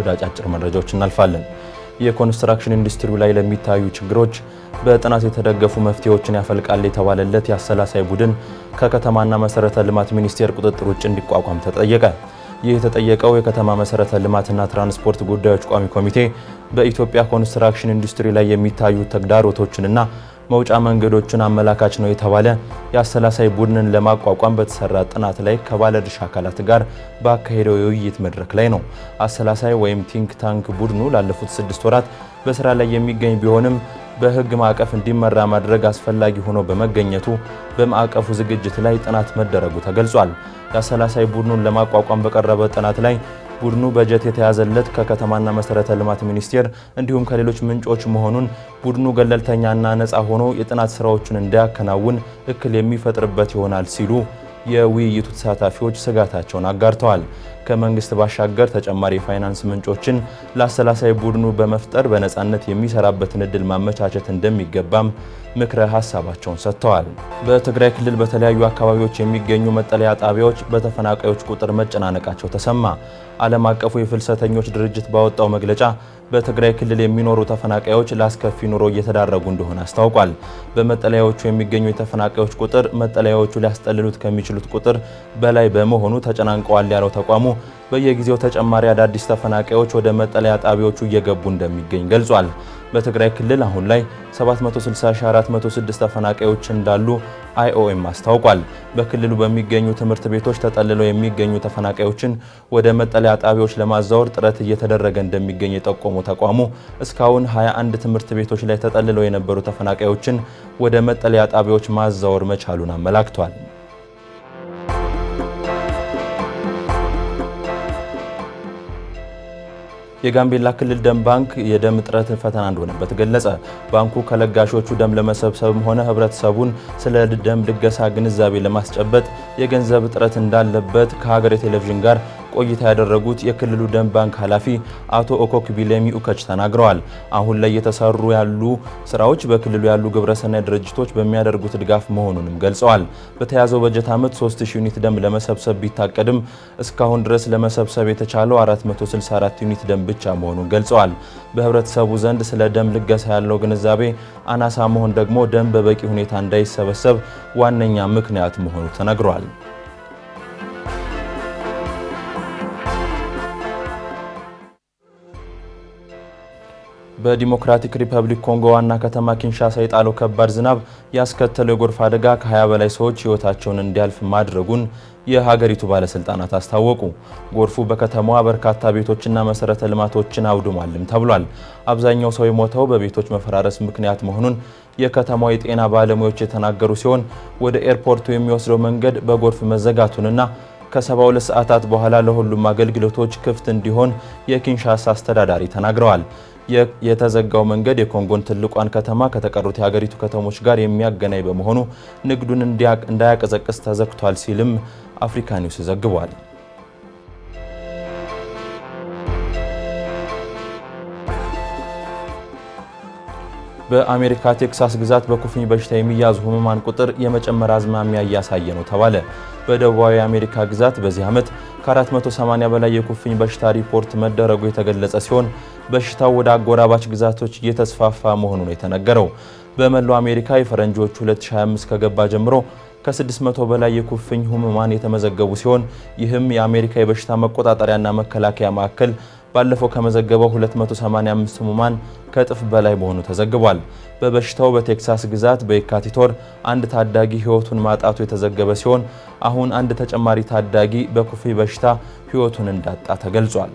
ወደ አጫጭር መረጃዎች እናልፋለን። የኮንስትራክሽን ኢንዱስትሪው ላይ ለሚታዩ ችግሮች በጥናት የተደገፉ መፍትሄዎችን ያፈልቃል የተባለለት የአሰላሳይ ቡድን ከከተማና መሰረተ ልማት ሚኒስቴር ቁጥጥር ውጭ እንዲቋቋም ተጠየቀ። ይህ የተጠየቀው የከተማ መሰረተ ልማትና ትራንስፖርት ጉዳዮች ቋሚ ኮሚቴ በኢትዮጵያ ኮንስትራክሽን ኢንዱስትሪ ላይ የሚታዩ ተግዳሮቶችንና መውጫ መንገዶችን አመላካች ነው የተባለ የአሰላሳይ ቡድንን ለማቋቋም በተሰራ ጥናት ላይ ከባለድርሻ አካላት ጋር ባካሄደው የውይይት መድረክ ላይ ነው። አሰላሳይ ወይም ቲንክ ታንክ ቡድኑ ላለፉት ስድስት ወራት በስራ ላይ የሚገኝ ቢሆንም በህግ ማዕቀፍ እንዲመራ ማድረግ አስፈላጊ ሆኖ በመገኘቱ በማዕቀፉ ዝግጅት ላይ ጥናት መደረጉ ተገልጿል። የአሰላሳይ ቡድኑን ለማቋቋም በቀረበ ጥናት ላይ ቡድኑ በጀት የተያዘለት ከከተማና መሰረተ ልማት ሚኒስቴር እንዲሁም ከሌሎች ምንጮች መሆኑን ቡድኑ ገለልተኛና ነፃ ሆኖ የጥናት ስራዎችን እንዲያከናውን እክል የሚፈጥርበት ይሆናል ሲሉ የውይይቱ ተሳታፊዎች ስጋታቸውን አጋርተዋል። ከመንግስት ባሻገር ተጨማሪ የፋይናንስ ምንጮችን ለአሰላሳይ ቡድኑ በመፍጠር በነፃነት የሚሰራበትን እድል ማመቻቸት እንደሚገባም ምክረ ሀሳባቸውን ሰጥተዋል። በትግራይ ክልል በተለያዩ አካባቢዎች የሚገኙ መጠለያ ጣቢያዎች በተፈናቃዮች ቁጥር መጨናነቃቸው ተሰማ። ዓለም አቀፉ የፍልሰተኞች ድርጅት ባወጣው መግለጫ በትግራይ ክልል የሚኖሩ ተፈናቃዮች ለአስከፊ ኑሮ እየተዳረጉ እንደሆነ አስታውቋል። በመጠለያዎቹ የሚገኙ የተፈናቃዮች ቁጥር መጠለያዎቹ ሊያስጠልሉት ከሚችሉት ቁጥር በላይ በመሆኑ ተጨናንቀዋል ያለው ተቋሙ በየጊዜው ተጨማሪ አዳዲስ ተፈናቃዮች ወደ መጠለያ ጣቢያዎቹ እየገቡ እንደሚገኝ ገልጿል። በትግራይ ክልል አሁን ላይ 760406 ተፈናቃዮች እንዳሉ አይኦኤም አስታውቋል። በክልሉ በሚገኙ ትምህርት ቤቶች ተጠልለው የሚገኙ ተፈናቃዮችን ወደ መጠለያ ጣቢያዎች ለማዛወር ጥረት እየተደረገ እንደሚገኝ የጠቆሙ ተቋሙ እስካሁን 21 ትምህርት ቤቶች ላይ ተጠልለው የነበሩ ተፈናቃዮችን ወደ መጠለያ ጣቢያዎች ማዛወር መቻሉን አመላክቷል። የጋምቤላ ክልል ደም ባንክ የደም እጥረት ፈተና እንደሆነበት ገለጸ። ባንኩ ከለጋሾቹ ደም ለመሰብሰብም ሆነ ህብረተሰቡን ስለ ደም ልገሳ ግንዛቤ ለማስጨበጥ የገንዘብ እጥረት እንዳለበት ከሀገሬ ቴሌቪዥን ጋር ቆይታ ያደረጉት የክልሉ ደንብ ባንክ ኃላፊ አቶ ኦኮክ ቢሌሚ ኡከች ተናግረዋል። አሁን ላይ የተሰሩ ያሉ ስራዎች በክልሉ ያሉ ግብረሰናይ ድርጅቶች በሚያደርጉት ድጋፍ መሆኑንም ገልጸዋል። በተያዘው በጀት ዓመት 3000 ዩኒት ደም ለመሰብሰብ ቢታቀድም እስካሁን ድረስ ለመሰብሰብ የተቻለው 464 ዩኒት ደም ብቻ መሆኑን ገልጸዋል። በህብረተሰቡ ዘንድ ስለ ደም ልገሳ ያለው ግንዛቤ አናሳ መሆን ደግሞ ደም በበቂ ሁኔታ እንዳይሰበሰብ ዋነኛ ምክንያት መሆኑ ተነግሯል። በዲሞክራቲክ ሪፐብሊክ ኮንጎ ዋና ከተማ ኪንሻሳ የጣለው ከባድ ዝናብ ያስከተለው የጎርፍ አደጋ ከ20 በላይ ሰዎች ሕይወታቸውን እንዲያልፍ ማድረጉን የሀገሪቱ ባለስልጣናት አስታወቁ። ጎርፉ በከተማዋ በርካታ ቤቶችና መሰረተ ልማቶችን አውድሟልም ተብሏል። አብዛኛው ሰው የሞተው በቤቶች መፈራረስ ምክንያት መሆኑን የከተማዋ የጤና ባለሙያዎች የተናገሩ ሲሆን ወደ ኤርፖርቱ የሚወስደው መንገድ በጎርፍ መዘጋቱንና ከ72 ሰዓታት በኋላ ለሁሉም አገልግሎቶች ክፍት እንዲሆን የኪንሻሳ አስተዳዳሪ ተናግረዋል። የተዘጋው መንገድ የኮንጎን ትልቋን ከተማ ከተቀሩት የሀገሪቱ ከተሞች ጋር የሚያገናኝ በመሆኑ ንግዱን እንዳያቀዘቅስ ተዘግቷል ሲልም አፍሪካ ኒውስ ዘግቧል። በአሜሪካ ቴክሳስ ግዛት በኩፍኝ በሽታ የሚያዙ ህሙማን ቁጥር የመጨመር አዝማሚያ እያሳየ ነው ተባለ። በደቡባዊ አሜሪካ ግዛት በዚህ ዓመት ከ480 በላይ የኩፍኝ በሽታ ሪፖርት መደረጉ የተገለጸ ሲሆን በሽታው ወደ አጎራባች ግዛቶች እየተስፋፋ መሆኑ ነው የተነገረው። በመላው አሜሪካ የፈረንጆቹ 2025 ከገባ ጀምሮ ከ600 በላይ የኩፍኝ ህሙማን የተመዘገቡ ሲሆን ይህም የአሜሪካ የበሽታ መቆጣጠሪያና መከላከያ ማዕከል ባለፈው ከመዘገበው 285 ህሙማን ከእጥፍ በላይ መሆኑ ተዘግቧል። በበሽታው በቴክሳስ ግዛት በየካቲት ወር አንድ ታዳጊ ህይወቱን ማጣቱ የተዘገበ ሲሆን አሁን አንድ ተጨማሪ ታዳጊ በኩፍኝ በሽታ ህይወቱን እንዳጣ ተገልጿል።